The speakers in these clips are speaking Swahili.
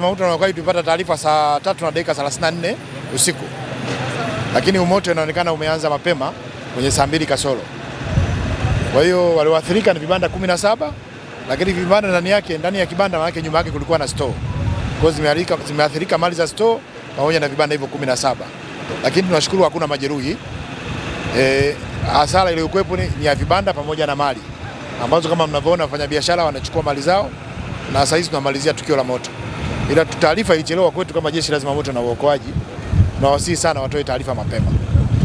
Mnazi Mauti na Olokali tulipata taarifa saa tatu na dakika 34 usiku, lakini umoto unaonekana umeanza mapema kwenye saa mbili kasoro. Kwa hiyo walioathirika ni vibanda 17 lakini vibanda ndani yake, ndani ya kibanda maana nyuma yake kulikuwa na store. Kwa hiyo zimeathirika mali za store pamoja na vibanda hivyo 17 lakini tunashukuru hakuna majeruhi. E, hasara iliyokuwepo ni ya vibanda pamoja na mali ambazo kama mnavyoona wafanyabiashara wanachukua mali zao, na sasa hizi tunamalizia tukio la moto ila taarifa ilichelewa kwetu kama jeshi la zimamoto na uokoaji, na wasii sana watoe taarifa mapema,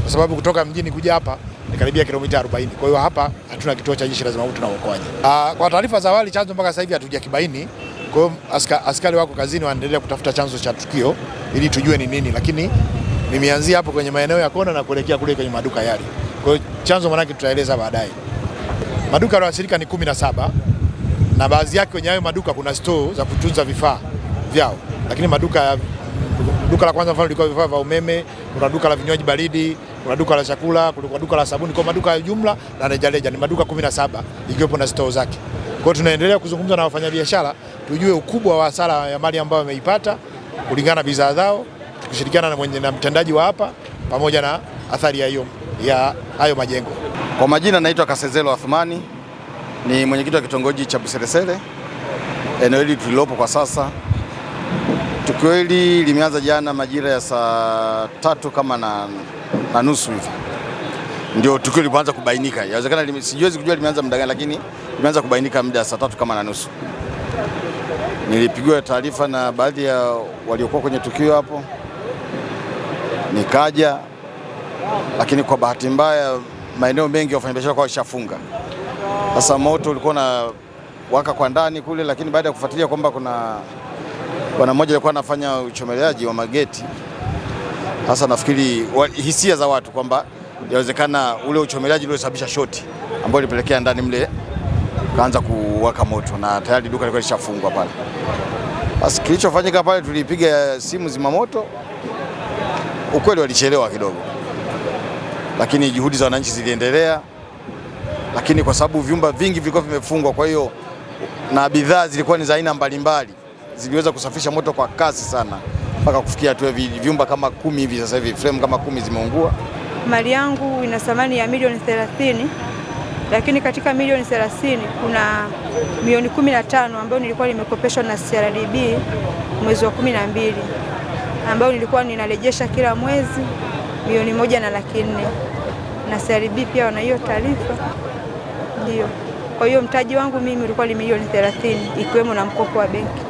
kwa sababu kutoka mjini kuja hapa ni karibia kilomita 40. Kwa hiyo hapa hatuna kituo cha jeshi la zimamoto na uokoaji. Ah, kwa taarifa za awali chanzo mpaka sasa hivi hatujakibaini. Kwa hiyo aska, askari wako kazini wanaendelea kutafuta chanzo cha tukio ili tujue ni nini, lakini nimeanzia hapo kwenye maeneo ya kona na kuelekea kule kwenye maduka yale. Kwa hiyo chanzo manake tutaeleza baadaye. Maduka yaliyoathirika ni kumi na saba na baadhi yake kwenye hayo maduka kuna store za kutunza vifaa vyao, lakini maduka ya duka la kwanza mfano lilikuwa vifaa vya umeme, kuna duka la vinywaji baridi, kuna duka la chakula, kuna duka la sabuni, kwa maduka ya jumla na rejareja ni maduka 17 ikiwepo na stoo zake. Kwa hiyo tunaendelea kuzungumza na wafanyabiashara tujue ukubwa wa hasara ya mali ambayo wameipata kulingana na bidhaa zao, tukishirikiana na mwenye na mtendaji wa hapa pamoja na athari ya hiyo ya hayo majengo. Kwa majina naitwa Kasezelo Athumani, ni mwenyekiti wa kitongoji cha Buseresere, eneo hili tulilopo kwa sasa. Tukio hili limeanza jana majira ya saa tatu kama na, na nusu hivi ndio tukio lilipoanza kubainika. Inawezekana sijiwezi kujua limeanza muda gani, lakini limeanza kubainika muda saa tatu kama na nusu. Nilipigiwa taarifa na baadhi ya waliokuwa kwenye tukio hapo, nikaja, lakini kwa bahati mbaya maeneo mengi ya wafanyabiashara kwa washafunga. Sasa moto ulikuwa na waka kwa ndani kule, lakini baada ya kufuatilia kwamba kuna bwana mmoja alikuwa anafanya uchomeleaji wa mageti. Sasa nafikiri hisia za watu kwamba yawezekana ule uchomeleaji uliosababisha shoti ambayo ilipelekea ndani mle kaanza kuwaka moto na tayari duka lilikuwa lishafungwa pale. Basi kilichofanyika pale, tulipiga simu zimamoto. Ukweli walichelewa kidogo, lakini juhudi za wananchi ziliendelea, lakini kwa sababu vyumba vingi vilikuwa vimefungwa, kwa hiyo na bidhaa zilikuwa ni za aina mbalimbali ziliweza kusafisha moto kwa kasi sana mpaka kufikia tu vyumba kama kumi hivi sasa hivi frame kama kumi zimeungua. Mali yangu ina thamani ya milioni 30, lakini katika milioni 30 kuna milioni 15 ambayo nilikuwa nimekopeshwa na CRDB mwezi wa 12 ambayo nilikuwa ninarejesha kila mwezi milioni moja na laki nne na CRDB pia wana hiyo taarifa ndio. Kwa hiyo mtaji wangu mimi ulikuwa ni milioni 30 ikiwemo na mkopo wa benki.